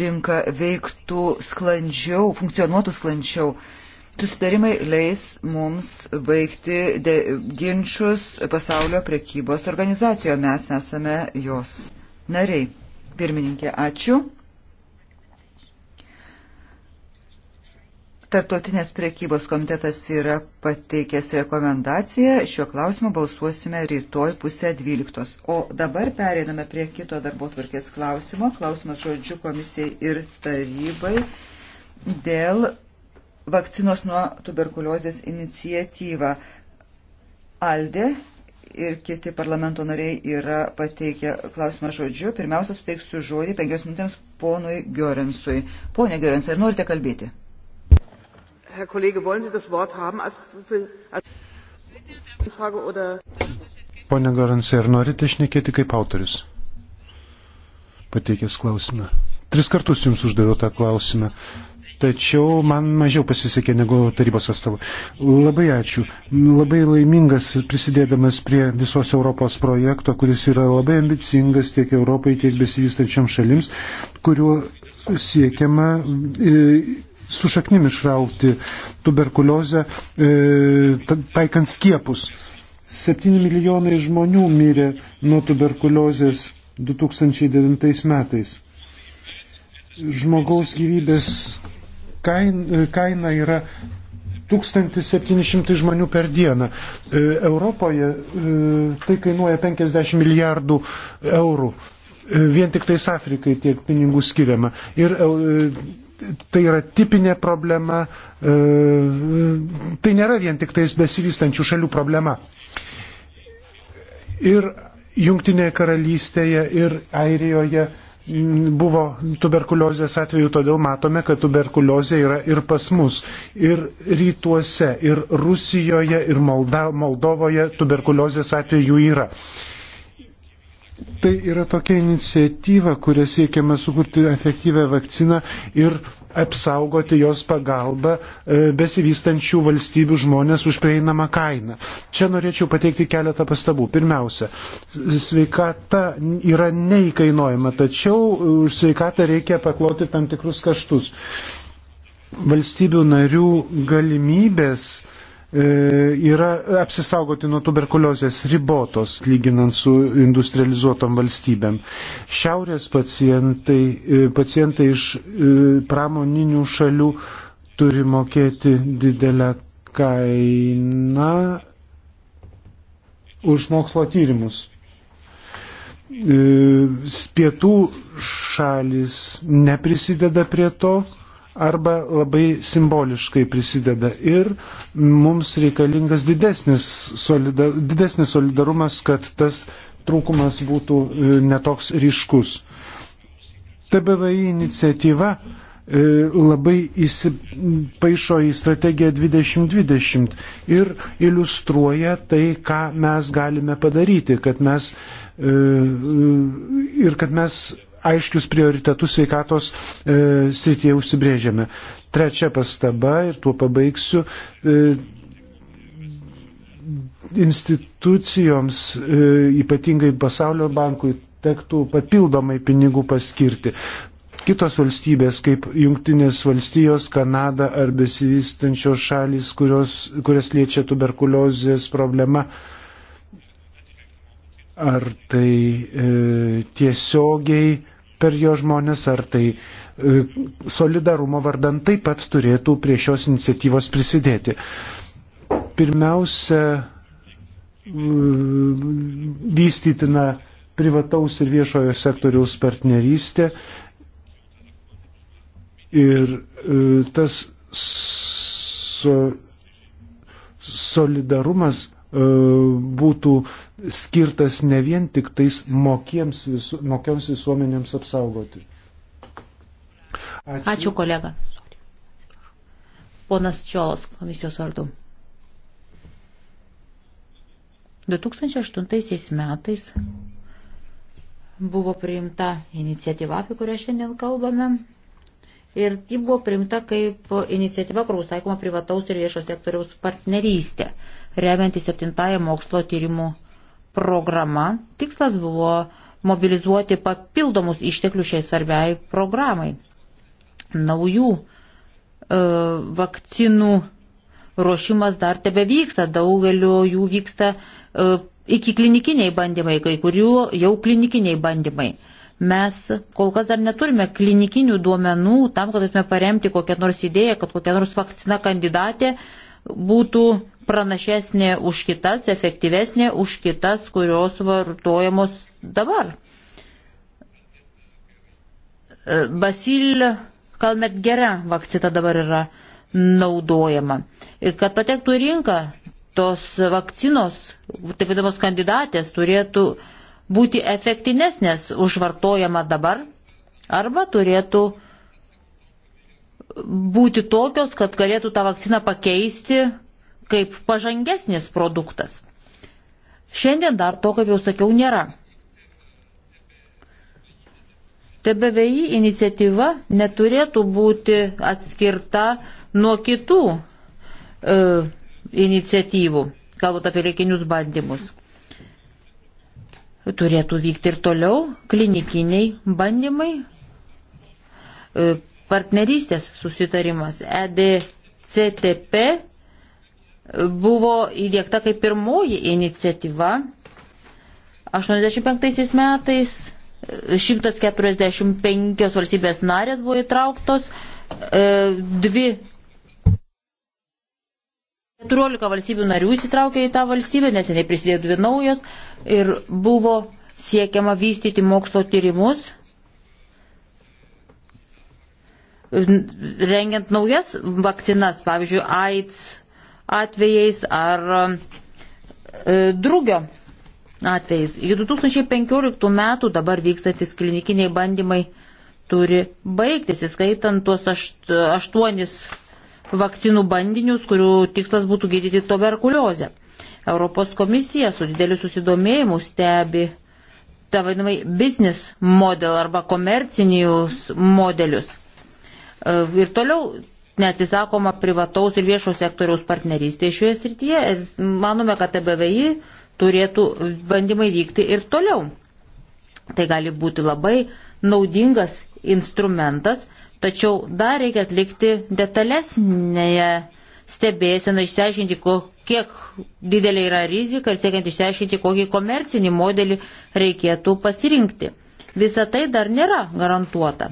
rinka veiktų sklandžiau, funkcionuotų sklandžiau. Susitarimai leis mums baigti de, ginčius pasaulio prekybos organizacijoje. Mes esame jos nariai. Pirmininkė, ačiū. Tartotinės priekybos komitetas yra pateikęs rekomendaciją. Šiuo klausimu balsuosime rytoj pusę dvyliktos. O dabar pereiname prie kito darbo tvarkės klausimo. Klausimas žodžiu komisijai ir tarybai dėl vakcinos nuo tuberkuliozės iniciatyvą. Alde ir kiti parlamento nariai yra pateikę klausimą žodžiu. Pirmiausia, suteiksiu žodį penkios minutėms ponui Giorensui. Pone Giorensai, ar norite kalbėti? Herr Kollege, wollen Sie das Wort haben als, für, als Frage oder? Pone Garansė, ar norite išnekėti kaip autoris? Pateikęs klausimą. Tris kartus jums uždaviau tą klausimą, tačiau man mažiau pasisekė negu tarybos atstovų. Labai ačiū. Labai laimingas prisidėdamas prie visos Europos projekto, kuris yra labai ambicingas tiek Europai, tiek besivystančiam šalims, kuriuo siekiama. E, su šaknim išrauti tuberkuliozę, e, taikant skiepus. 7 milijonai žmonių mirė nuo tuberkuliozės 2009 metais. Žmogaus gyvybės e, kaina yra 1700 žmonių per dieną. E, Europoje tai kainuoja 50 milijardų eurų. Vien tik tais Afrikai tiek pinigų skiriama. Ir tai yra tipinė problema, e, tai nėra vien tik tais besivystančių šalių problema. Ir Junktinėje karalystėje ir Airijoje buvo tuberkuliozės atveju, todėl matome, kad tuberkuliozė yra ir pas mus, ir rytuose, ir Rusijoje, ir Molda, Moldovoje tuberkuliozės atveju yra. E, Tai yra tokia iniciatyva, kuria siekiama sukurti efektyvę vakciną ir apsaugoti jos pagalbą e, besivystančių valstybių žmonės už prieinamą kainą. Čia norėčiau pateikti keletą pastabų. Pirmiausia, sveikata yra neįkainuojama, tačiau už sveikatą reikia pakloti tam tikrus kaštus. Valstybių narių galimybės uh, E, yra apsisaugoti nuo tuberkuliozės ribotos, lyginant su industrializuotom valstybėm. Šiaurės pacientai, e, pacientai iš e, pramoninių šalių turi mokėti didelę kainą už mokslo tyrimus. Pietų šalis neprisideda prie to, arba labai simboliškai prisideda. Ir mums reikalingas didesnis, solida, didesnis solidarumas, kad tas trūkumas būtų e, netoks ryškus. TBVI iniciatyva e, labai įsipaišo į strategiją 2020 ir iliustruoja tai, ką mes galime padaryti, kad mes e, ir kad mes aiškius prioritetus sveikatos e, srityje užsibrėžėme. Trečia pastaba ir tuo pabaigsiu. E, institucijoms, e, ypatingai pasaulio bankui, tektų papildomai pinigų paskirti. Kitos valstybės, kaip Junktinės valstijos, Kanada ar besivystančios šalis, kurios, kurias liečia tuberkuliozės problema, ar tai e, tiesiogiai per jo žmonės, ar tai e, solidarumo vardan taip pat turėtų prie šios iniciatyvos prisidėti. Pirmiausia, vystytina privataus ir viešojo sektoriaus partnerystė ir e, tas so, solidarumas E, būtų skirtas ne vien tik tais mokiems, visu, mokiems visuomenėms apsaugoti. Ačiū. Ačiū kolega. Ponas Čiolas, komisijos vardu. 2008 metais buvo priimta iniciatyva, apie kurią šiandien kalbame, ir ji buvo primta kaip iniciatyva, kur užsaikoma privataus ir viešo sektoriaus partnerystė, remianti septintąją mokslo tyrimų programą. Tikslas buvo mobilizuoti papildomus išteklius šiai svarbiai programai. Naujų e, vakcinų ruošimas dar tebe vyksta, daugeliu jų vyksta e, iki klinikiniai bandymai, kai kurių jau klinikiniai bandymai. E, Mes kol kas dar neturime klinikinių duomenų tam, kad atme paremti kokią nors idėją, kad kokia nors vakcina kandidatė būtų pranašesnė už kitas, efektyvesnė už kitas, kurios vartojamos dabar. E, Basil Kalmet gera vakcina dabar yra naudojama. E, kad patektų į rinką, tos vakcinos, taip vadinamos kandidatės, turėtų uh, būti efektyvesnės už vartojama dabar arba turėtų būti tokios, kad galėtų tą vakciną pakeisti kaip pažangesnis produktas. Šiandien dar to, kaip jau sakiau, nėra. TBVI iniciatyva neturėtų būti atskirta nuo kitų e, iniciatyvų, kalbant apie reikinius bandymus turėtų vykti ir toliau klinikiniai bandymai, e, partnerystės susitarimas EDCTP e, buvo įdėkta kaip pirmoji iniciatyva 85 metais 145 e, valstybės narės buvo įtrauktos, dvi 14 valstybių narių įsitraukė į tą valstybę, neseniai prisidėjo dvi naujos ir buvo siekiama vystyti mokslo tyrimus, rengiant naujas vakcinas, pavyzdžiui, AIDS atvejais ar e, drugio atvejais. Iki 2015 metų dabar vykstantis klinikiniai bandymai turi baigtis, įskaitant tuos aštuonis vakcinų bandinius, kurių tikslas būtų gydyti tuberkuliozę. Europos komisija su dideliu susidomėjimu stebi tą vadinamai business model arba komercinius modelius. E, ir toliau neatsisakoma privataus ir viešo sektoriaus partnerystė šioje srityje. Manome, kad TBVI turėtų bandymai vykti ir toliau. Tai gali būti labai naudingas instrumentas, Tačiau dar reikia atlikti detalesnėje stebėseną, išsiaiškinti, kiek didelė yra rizika ir siekiant išsiaiškinti, kokį komercinį modelį reikėtų pasirinkti. Visa tai dar nėra garantuota.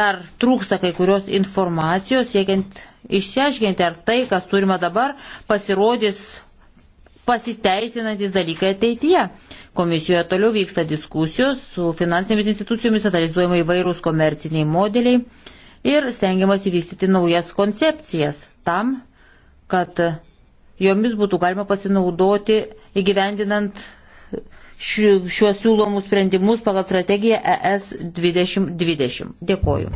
Dar trūksta kai kurios informacijos, siekiant išsiaiškinti, ar tai, kas turime dabar, pasirodys pasiteisinantis dalykai ateityje. Komisijoje toliau vyksta diskusijos su finansinėmis institucijomis, analizuojama įvairūs komerciniai modeliai ir stengiamas įvystyti naujas koncepcijas tam, kad jomis būtų galima pasinaudoti įgyvendinant šiuos siūlomus sprendimus pagal strategiją ES 2020. Dėkoju.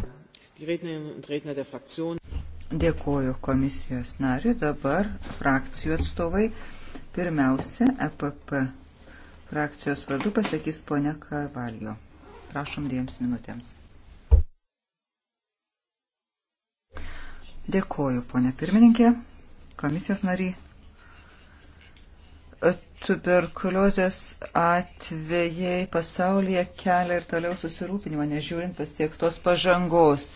Dėkoju komisijos nariu. Dabar frakcijų atstovai. Pirmiausia, EPP frakcijos vardu pasakys ponia Karvaljo. Prašom dviems minutėms. Dėkoju, ponia pirmininkė, komisijos nariai. Tuberkuliozės atvejai pasaulyje kelia ir toliau susirūpinimą, nežiūrint pasiektos pažangos.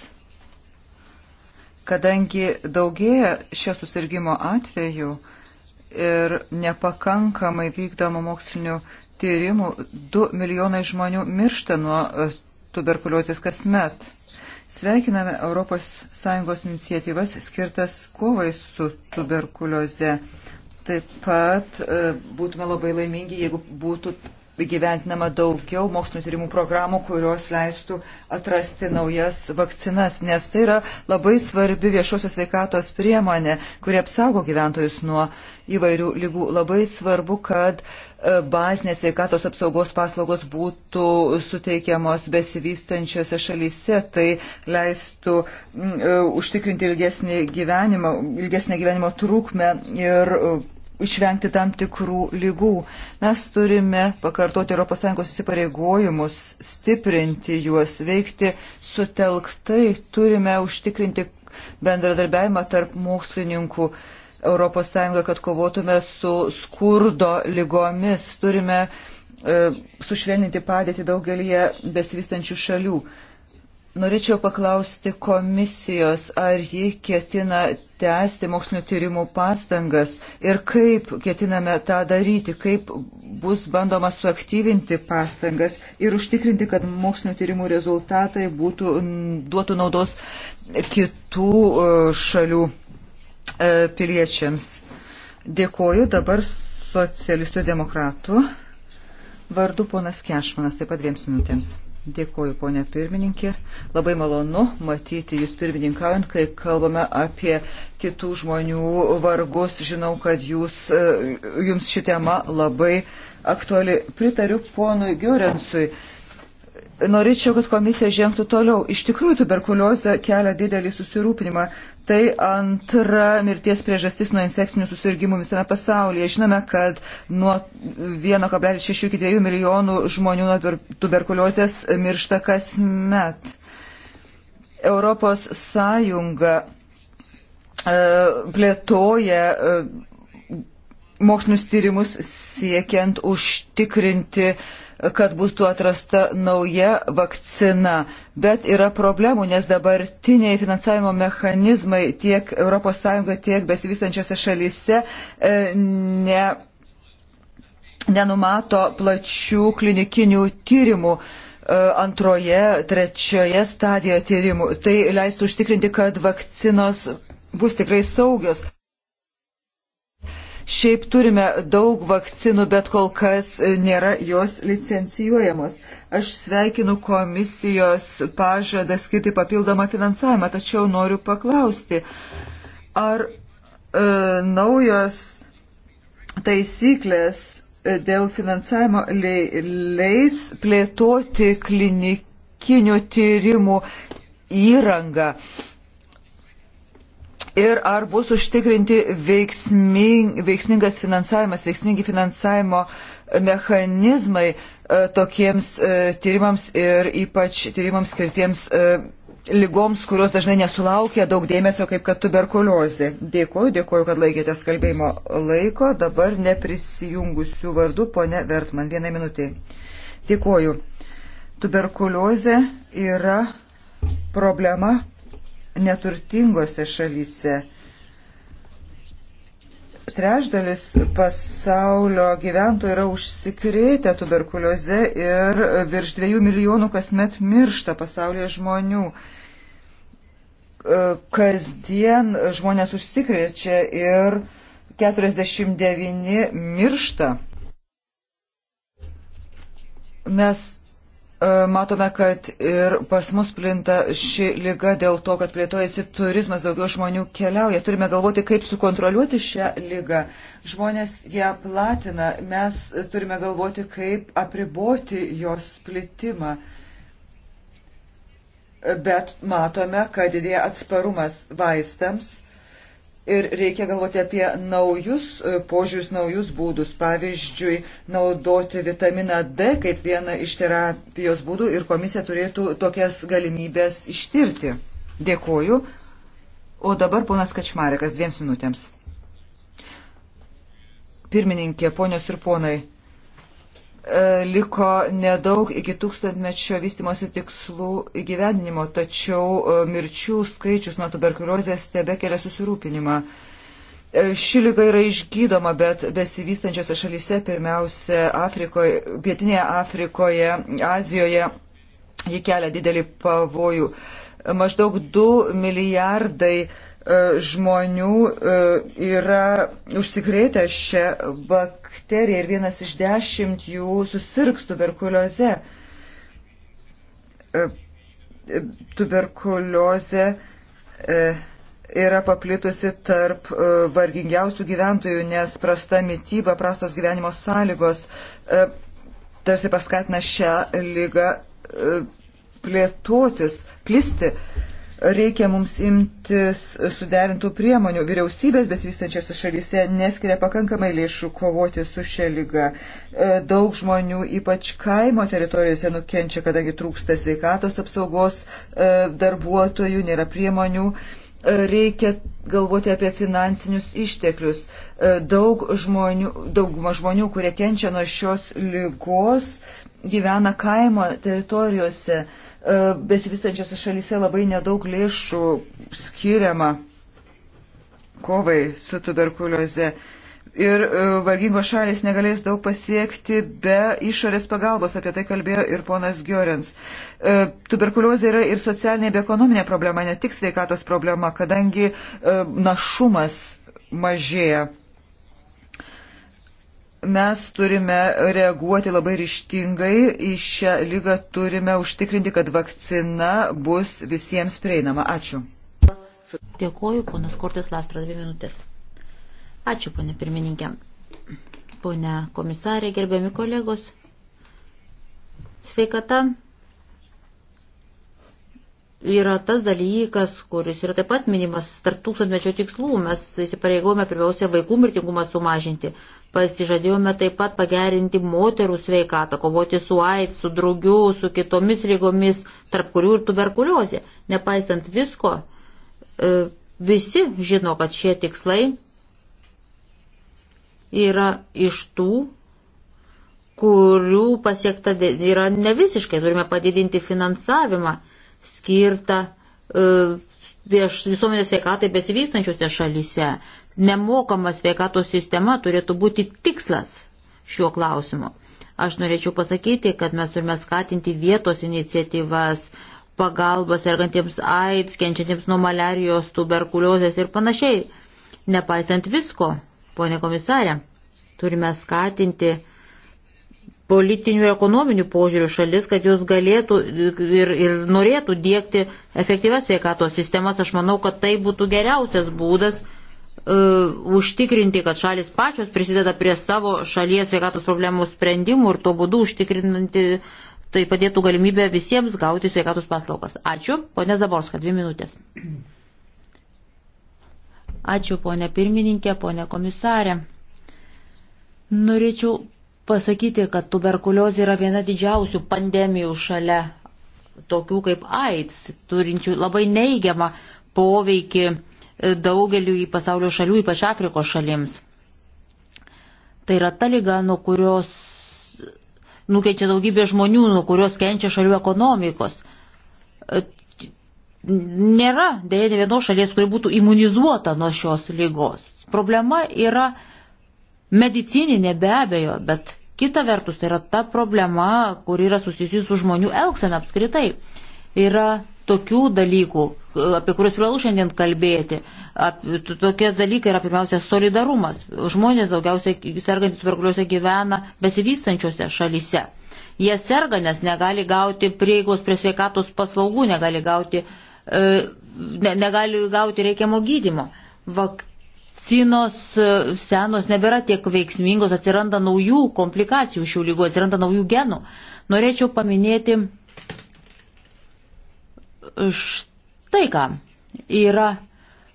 Kadangi daugėja šio susirgymo atvejų ir nepakankamai vykdoma mokslinių tyrimų 2 milijonai žmonių miršta nuo e, tuberkuliozės kasmet. Sveikiname ES iniciatyvas skirtas kovai su tuberkulioze. Taip pat e, būtume labai laimingi, jeigu būtų gyventinama daugiau mokslinio tyrimų programų, kurios leistų atrasti naujas vakcinas, nes tai yra labai svarbi viešosios veikatos priemonė, kuri apsaugo gyventojus nuo įvairių lygų. Labai svarbu, kad e, bazinės veikatos apsaugos paslaugos būtų suteikiamos besivystančiose šalyse, tai leistų m, e, užtikrinti ilgesnį gyvenimą, ilgesnį gyvenimo trukmę ir e, išvengti tam tikrų lygų. Mes turime pakartoti ES įsipareigojimus, stiprinti juos, veikti sutelktai, turime užtikrinti bendradarbiavimą tarp mokslininkų. ES, kad kovotume su skurdo lygomis, turime e, sušvelninti padėtį daugelį besivystančių šalių. E, Norėčiau paklausti komisijos, ar ji ketina tęsti mokslinio tyrimų pastangas ir kaip ketiname tą daryti, kaip bus bandoma suaktyvinti pastangas ir užtikrinti, kad mokslinio tyrimų rezultatai būtų, duotų naudos kitų e, šalių e, piliečiams. Dėkoju dabar socialistų demokratų vardu ponas Kešmanas, taip pat dviems minutėms. Dėkuoju, ponė pirmininkė. Labai malonu matyti Jūs pirmininkaujant, kai kalbame apie kitų žmonių vargus. Žinau, kad jūs, e, Jums ši tema labai aktuali. Pritariu ponui Giorensui. Norėčiau, kad komisija žengtų toliau. Iš tikrųjų, tuberkuliozė kelia didelį susirūpinimą. Tai antra mirties priežastis nuo infekcinių susirgymų visame pasaulyje. Žinome, kad nuo 1,6 iki 2 milijonų žmonių nuo tuberkuliozės miršta kasmet. Europos Sąjunga e, plėtoja e, mokslinius tyrimus siekiant užtikrinti uh, kad būtų atrasta nauja vakcina. Bet yra problemų, nes dabartiniai finansavimo mechanizmai tiek ES, tiek besivystančiose šalyse e, ne, nenumato plačių klinikinių tyrimų e, antroje, trečioje stadijoje tyrimų. Tai leistų užtikrinti, kad vakcinos bus tikrai saugios. Šiaip turime daug vakcinų, bet kol kas e, nėra jos licencijuojamos. Aš sveikinu komisijos pažadą skirti papildomą finansavimą, tačiau noriu paklausti, ar e, naujos taisyklės e, dėl finansavimo leis plėtoti klinikinių tyrimų įrangą. E, ir ar bus užtikrinti veiksming, veiksmingas finansavimas, veiksmingi finansavimo e, mechanizmai e, tokiems e, tyrimams ir ypač tyrimams skirtiems lygoms, kurios dažnai nesulaukia daug dėmesio, kaip kad tuberkuliozė. Dėkuoju, dėkuoju, kad laikėtės kalbėjimo laiko. Dabar neprisijungusių vardų, ponė Vertman, vieną minutį. Dėkuoju. Tuberkuliozė yra problema neturtingose šalyse. Trečdalis pasaulio gyventojų yra užsikrėtę tuberkulioze ir virš dviejų milijonų kasmet miršta pasaulyje žmonių kasdien žmonės užsikrečia ir 49 miršta. Mes E, matome, kad ir pas mus plinta ši lyga dėl to, kad plėtojasi turizmas, daugiau žmonių keliauja. Turime galvoti, kaip sukontroliuoti šią lygą. Žmonės ją platina, mes turime galvoti, kaip apriboti jos plitimą. Bet matome, kad didėja atsparumas vaistams ir reikia galvoti apie naujus e, požiūrius, naujus būdus. Pavyzdžiui, naudoti vitaminą D kaip vieną iš terapijos būdų ir komisija turėtų tokias galimybės ištirti. Dėkuoju. O dabar ponas Kačmarekas dviems minutėms. Pirmininkė, ponios ir ponai. E, liko nedaug iki tūkstantmečio vystimosi tikslų įgyvendinimo, tačiau e, mirčių skaičius nuo tuberkuliozės tebe kelia susirūpinimą. E, ši lyga yra išgydoma, bet besivystančiose šalyse, pirmiausia, Afrikoje, Pietinėje Afrikoje, Azijoje, ji kelia didelį pavojų. Maždaug 2 milijardai uh, E, žmonių e, yra užsikrėtę šią bakteriją ir vienas iš dešimt jų susirgs tuberkulioze. Tuberkuliozė e, yra paplitusi tarp vargingiausių gyventojų, nes prasta mytyba, prastos gyvenimo sąlygos tarsi paskatina šią lygą plėtotis, plisti. Reikia mums imtis suderintų priemonių. Vyriausybės besivystančiose šalyse neskiria pakankamai lėšų kovoti su šia lyga. E, daug žmonių, ypač kaimo teritorijose, nukenčia, kadangi trūksta sveikatos apsaugos e, darbuotojų, nėra priemonių e, reikia galvoti apie finansinius išteklius. Daug žmonių, dauguma žmonių, kurie kenčia nuo šios lygos, gyvena kaimo teritorijose. E, besivystančiose šalyse labai nedaug lėšų skiriama kovai su tuberkulioze. Ir e, vargingos šalis negalės daug pasiekti be išorės pagalbos, apie tai kalbėjo ir ponas Giorens. E, tuberkuliozė yra ir socialinė, bei ekonominė problema, ne tik sveikatos problema, kadangi našumas mažėja mes turime reaguoti labai ryštingai į šią lygą, turime užtikrinti, kad vakcina bus visiems prieinama. Ačiū. Dėkuoju, ponas Kortis Lastras, dvi minutės. Ačiū, ponė pirmininkė. Pone komisarė, gerbiami kolegos. Sveikata yra tas dalykas, kuris yra taip pat minimas tarp tūkstantmečio tikslų. Mes įsipareigojame pirmiausia vaikų mirtingumą sumažinti. Pasižadėjome taip pat pagerinti moterų sveikatą, kovoti su AIDS, su draugiu, su kitomis lygomis, tarp kurių ir tuberkuliozė. Nepaisant visko, e, visi žino, kad šie tikslai yra iš tų, kurių pasiekta yra nevisiškai. Turime padidinti finansavimą skirtą e, vieš, visuomenės sveikatai besivystančiuose šalyse. Nemokama sveikatos sistema turėtų būti tikslas šiuo klausimu. Aš norėčiau pasakyti, kad mes turime skatinti vietos iniciatyvas, pagalbą sergantiems AIDS, kenčiantiems nuo malerijos, tuberkuliozės ir panašiai. Nepaisant visko, ponė komisarė, turime skatinti politinių ir ekonominių požiūrių šalis, kad jūs galėtų ir, ir norėtų dėkti efektyvas sveikatos sistemas. Aš manau, kad tai būtų geriausias būdas uh, užtikrinti, kad šalis pačios prisideda prie savo šalies sveikatos problemų sprendimų ir tuo būdu užtikrinti, tai padėtų galimybę visiems gauti sveikatos paslaugas. Ačiū, ponė Zaborska, dvi minutės. Ačiū, ponė pirmininkė, ponė komisarė. Norėčiau pasakyti, kad tuberkuliozė yra viena didžiausių pandemijų šalia tokių kaip AIDS, turinčių labai neigiamą poveikį e, daugeliu į pasaulio šalių, ypač Afrikos šalims. Tai yra ta lyga, nuo kurios nukentžia daugybė žmonių, nuo kurios kenčia šalių ekonomikos. E, nėra dėja ne vienos šalies, kuri būtų imunizuota nuo šios lygos. Problema yra medicininė be abejo, bet kita vertus tai yra ta problema, kur yra susijusi su žmonių elgsena apskritai. Yra tokių dalykų, apie kuriuos privalu šiandien kalbėti. Ap, tokie dalykai yra pirmiausia solidarumas. Žmonės daugiausiai sergantys tuberkuliuose gyvena besivystančiose šalyse. Jie serga, nes negali gauti prieigos prie sveikatos paslaugų, negali gauti, e, ne, negali gauti reikiamo gydimo. Vak, vakcinos e, senos nebėra tiek veiksmingos, atsiranda naujų komplikacijų šių lygų, atsiranda naujų genų. Norėčiau paminėti štai ką. Yra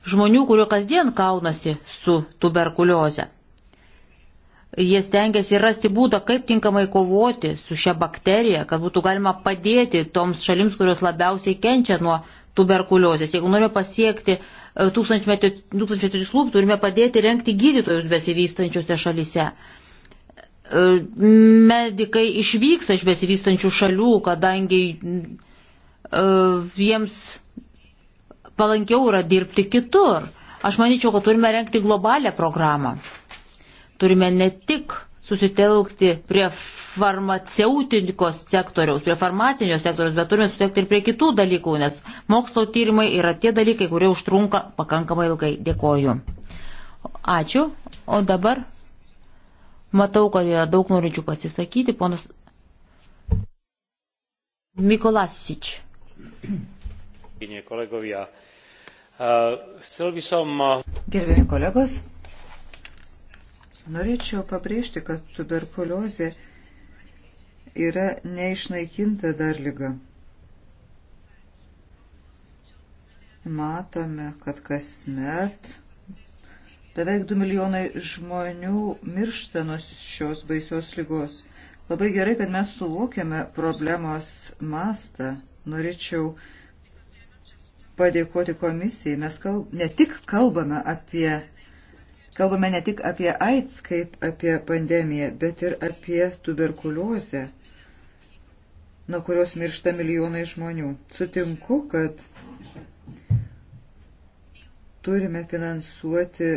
žmonių, kurio kasdien kaunasi su tuberkulioze. Jie stengiasi rasti būdą, kaip tinkamai kovoti su šia bakterija, kad būtų galima padėti toms šalims, kurios labiausiai kenčia nuo tuberkuliozės. Jeigu norime pasiekti e, tūkstančio tikslų, turime padėti renkti gydytojus besivystančiose šalyse. E, medikai išvyksta iš besivystančių šalių, kadangi e, jiems palankiau yra dirbti kitur. Aš manyčiau, kad turime renkti globalią programą. Turime ne tik susitelkti prie farmaceutikos sektoriaus, prie farmacinio sektoriaus, bet turime susitelkti ir prie kitų dalykų, nes mokslo tyrimai yra tie dalykai, kurie užtrunka pakankamai ilgai. Dėkoju. Ačiū. O dabar matau, kad yra daug norinčių pasisakyti. Ponas Mikolasič. E, e, Gerbiami kolegos, Norėčiau pabrėžti, kad tuberkuliozė yra neišnaikinta dar lyga. Matome, kad kasmet beveik 2 milijonai žmonių miršta nuo šios baisios lygos. Labai gerai, kad mes suvokiame problemos mastą. Norėčiau padėkoti komisijai. Mes kalb... ne tik kalbame apie Kalbame ne tik apie AIDS kaip apie pandemiją, bet ir apie tuberkuliozę, nuo kurios miršta milijonai žmonių. Sutinku, kad turime finansuoti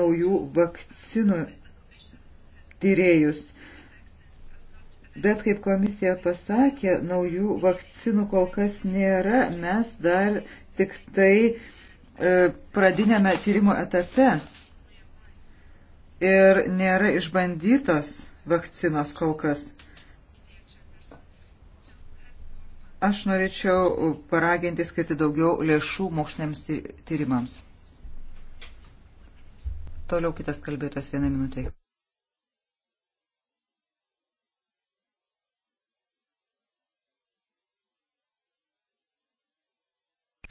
naujų vakcinų tyrėjus. Bet kaip komisija pasakė, naujų vakcinų kol kas nėra. Mes dar tik tai E, pradinėme tyrimo etape ir nėra išbandytos vakcinos kol kas. Aš norėčiau paraginti skirti daugiau lėšų moksliniams tyrimams. Toliau kitas kalbėtos vieną minutę.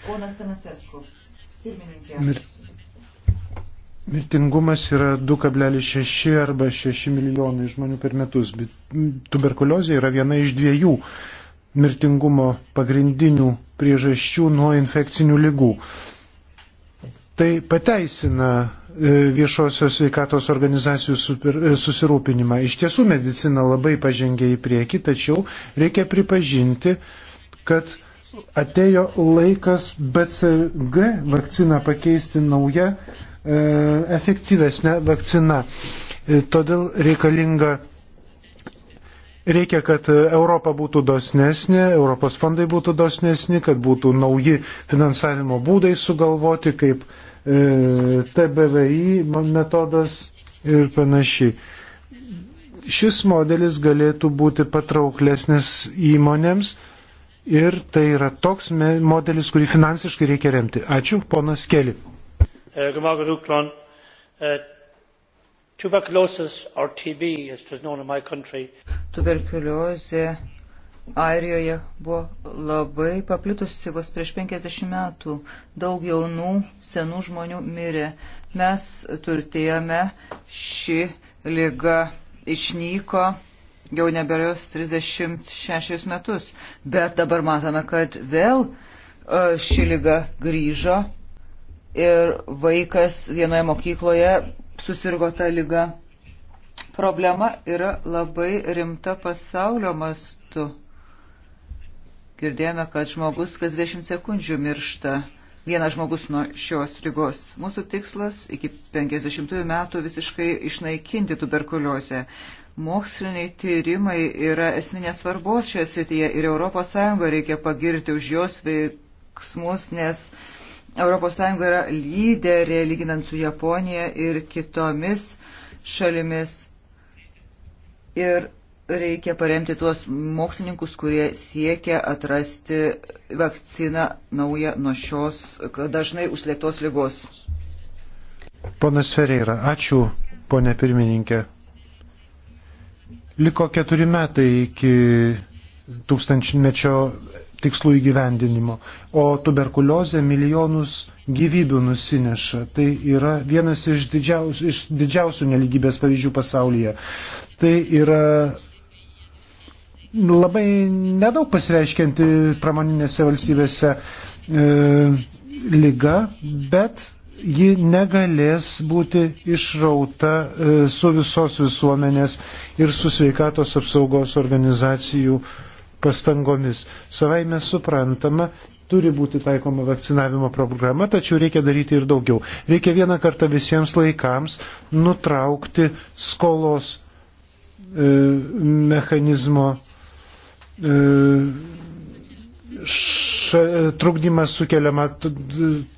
Ponas Tanasescu. Mir mirtingumas yra 2,6 arba 6 milijonai žmonių per metus, bet tuberkuliozė yra viena iš dviejų mirtingumo pagrindinių priežasčių nuo infekcinių lygų. Tai pateisina e, viešosios sveikatos organizacijų super, e, susirūpinimą. Iš tiesų medicina labai pažengė į priekį, tačiau reikia pripažinti, kad atėjo laikas BCG vakciną pakeisti naują e, efektyvesnę vakciną. E, todėl reikalinga, reikia, kad Europa būtų dosnesnė, Europos fondai būtų dosnesni, kad būtų nauji finansavimo būdai sugalvoti, kaip e, TBVI metodas ir panašiai šis modelis galėtų būti patrauklesnis įmonėms, ir tai yra toks modelis, kurį finansiškai reikia remti. Ačiū, ponas Keli. Eh, eh, Tuberkuliozė Airijoje buvo labai paplitusi vos prieš 50 metų. Daug jaunų, senų žmonių mirė. Mes turtėjome, ši lyga išnyko jau nebėrės 36 metus. Bet dabar matome, kad vėl e, ši lyga grįžo ir vaikas vienoje mokykloje susirgo tą lygą. Problema yra labai rimta pasaulio mastu. Girdėjome, kad žmogus kas 10 sekundžių miršta vienas žmogus nuo šios lygos. Mūsų tikslas iki 50 metų visiškai išnaikinti tuberkuliozę. Moksliniai tyrimai yra esminės svarbos šioje srityje ir ES reikia pagirti už jos veiksmus, nes ES yra lyderė lyginant su Japonija ir kitomis šalimis. Ir reikia paremti tuos mokslininkus, kurie siekia atrasti vakciną naują nuo šios dažnai užslėptos lygos. Ponas Ferreira, ačiū, ponė pirmininkė. Liko keturi metai iki tūkstančmečio tikslų įgyvendinimo, o tuberkuliozė milijonus gyvybių nusineša. Tai yra vienas iš didžiausių, iš didžiausių neligybės pavyzdžių pasaulyje. Tai yra labai nedaug pasireiškianti pramoninėse valstybėse e, lyga, bet ji negalės būti išrauta e, su visos visuomenės ir su sveikatos apsaugos organizacijų pastangomis. Savaime suprantama, turi būti taikoma vakcinavimo programa, tačiau reikia daryti ir daugiau. Reikia vieną kartą visiems laikams nutraukti skolos e, mechanizmo E, ša, trukdymas sukeliama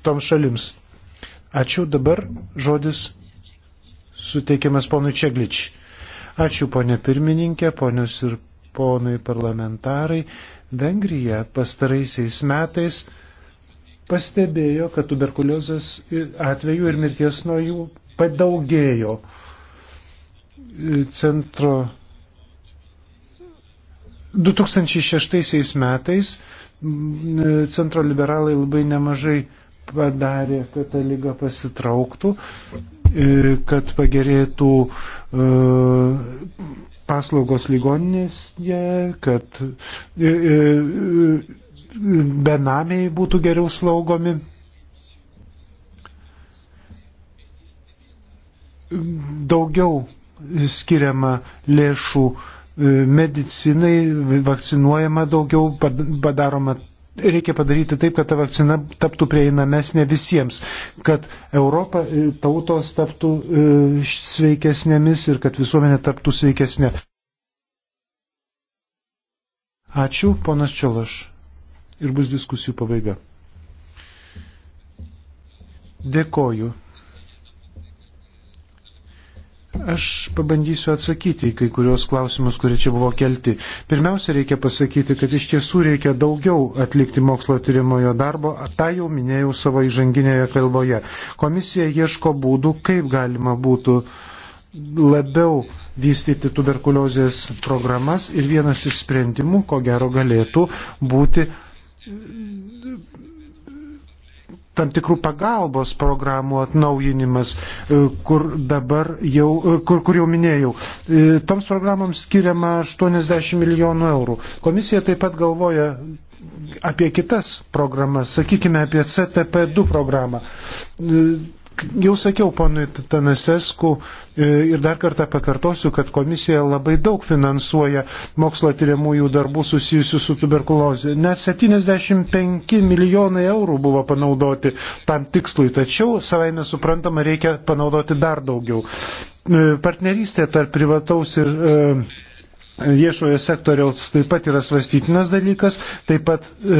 toms šalims. Ačiū. Dabar žodis suteikiamas ponui Čeglič. Ačiū ponė pirmininkė, ponios ir ponai parlamentarai. Vengrija pastaraisiais metais pastebėjo, kad tuberkuliozės atveju ir mirties nuo jų padaugėjo. Centro 2006 metais centro liberalai labai nemažai padarė, kad ta lyga pasitrauktų, e, kad pagerėtų e, paslaugos ligoninėje, kad e, benamiai būtų geriau slaugomi. Daugiau skiriama lėšų uh, E, medicinai vakcinuojama daugiau, padaroma reikia padaryti taip, kad ta vakcina taptų prieinamesnė visiems, kad Europa e, tautos taptų e, sveikesnėmis ir kad visuomenė taptų sveikesnė. Ačiū, ponas Čelaš. Ir bus diskusijų pabaiga. Dėkoju. Aš pabandysiu atsakyti į kai kurios klausimus, kurie čia buvo kelti. Pirmiausia, reikia pasakyti, kad iš tiesų reikia daugiau atlikti mokslo tyrimojo darbo, tą jau minėjau savo įžanginėje kalboje. Komisija ieško būdų, kaip galima būtų labiau vystyti tuberkuliozės programas ir vienas iš sprendimų, ko gero, galėtų būti tam tikrų pagalbos programų atnaujinimas, e, kur dabar jau, e, kur, kur jau minėjau. E, toms programoms skiriama 80 milijonų eurų. Komisija taip pat galvoja apie kitas programas, sakykime apie CTP2 programą. Jau sakiau ponui Tanasesku e, ir dar kartą pakartosiu, kad komisija labai daug finansuoja mokslo tyriamųjų darbų susijusių su tuberkulozė. Net 75 milijonai eurų buvo panaudoti tam tikslui, tačiau savaime suprantama reikia panaudoti dar daugiau. E, partnerystė tarp privataus ir e, viešojo sektoriaus taip pat yra svarstytinas dalykas, taip pat e,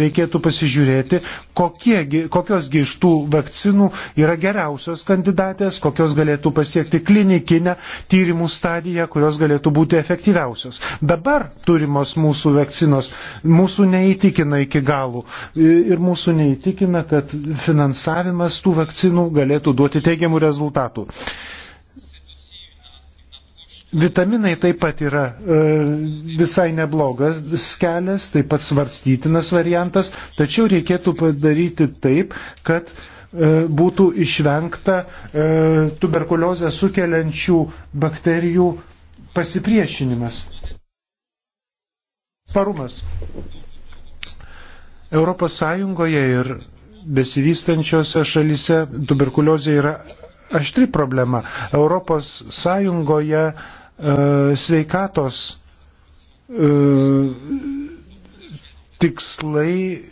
reikėtų pasižiūrėti, kokiegi, kokiosgi iš tų vakcinų yra geriausios kandidatės, kokios galėtų pasiekti klinikinę tyrimų stadiją, kurios galėtų būti efektyviausios. Dabar turimos mūsų vakcinos mūsų neįtikina iki galų e, ir mūsų neįtikina, kad finansavimas tų vakcinų galėtų duoti teigiamų rezultatų. Vitaminai taip pat yra e, visai neblogas kelias, taip pat svarstytinas variantas, tačiau reikėtų padaryti taip, kad e, būtų išvengta e, tuberkuliozę sukeliančių bakterijų pasipriešinimas. Tvarumas. Europos Sąjungoje ir besivystančiose šalise tuberkuliozė yra aštri problema. Europos Sąjungoje e, E, sveikatos e, tikslai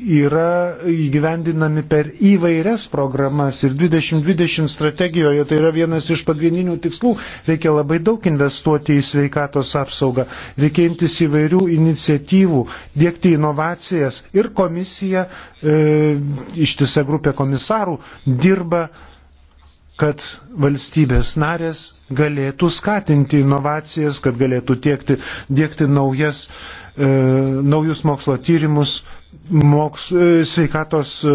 yra įgyvendinami per įvairias programas ir 2020 strategijoje tai yra vienas iš pagrindinių tikslų. Reikia labai daug investuoti į sveikatos apsaugą, reikia imtis įvairių iniciatyvų, dėkti inovacijas ir komisija, e, ištisa grupė komisarų dirba e, kad valstybės narės galėtų skatinti inovacijas, kad galėtų tiekti, dėkti naujas, e, naujus mokslo tyrimus, moks, e, sveikatos e,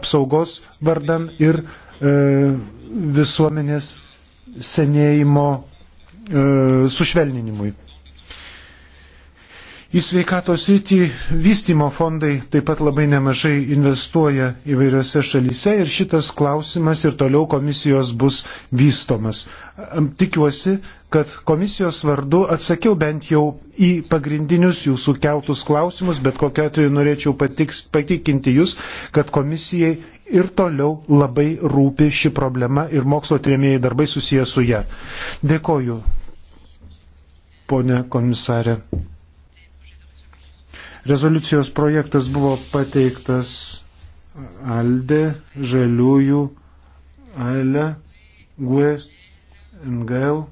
apsaugos vardan ir e, visuomenės senėjimo e, sušvelninimui. Į sveikatos rytį vystimo fondai taip pat labai nemažai investuoja įvairiose šalyse ir šitas klausimas ir toliau komisijos bus vystomas. Tikiuosi, kad komisijos vardu atsakiau bent jau į pagrindinius jūsų keltus klausimus, bet kokiu atveju norėčiau patiks, patikinti jūs, kad komisijai ir toliau labai rūpi ši problema ir mokslo trėmėjai darbai susijęs su ją. Dėkoju, ponė komisarė. Rezoliucijos projektas buvo pateiktas Alde, Žaliųjų, Ale, Gue, NGL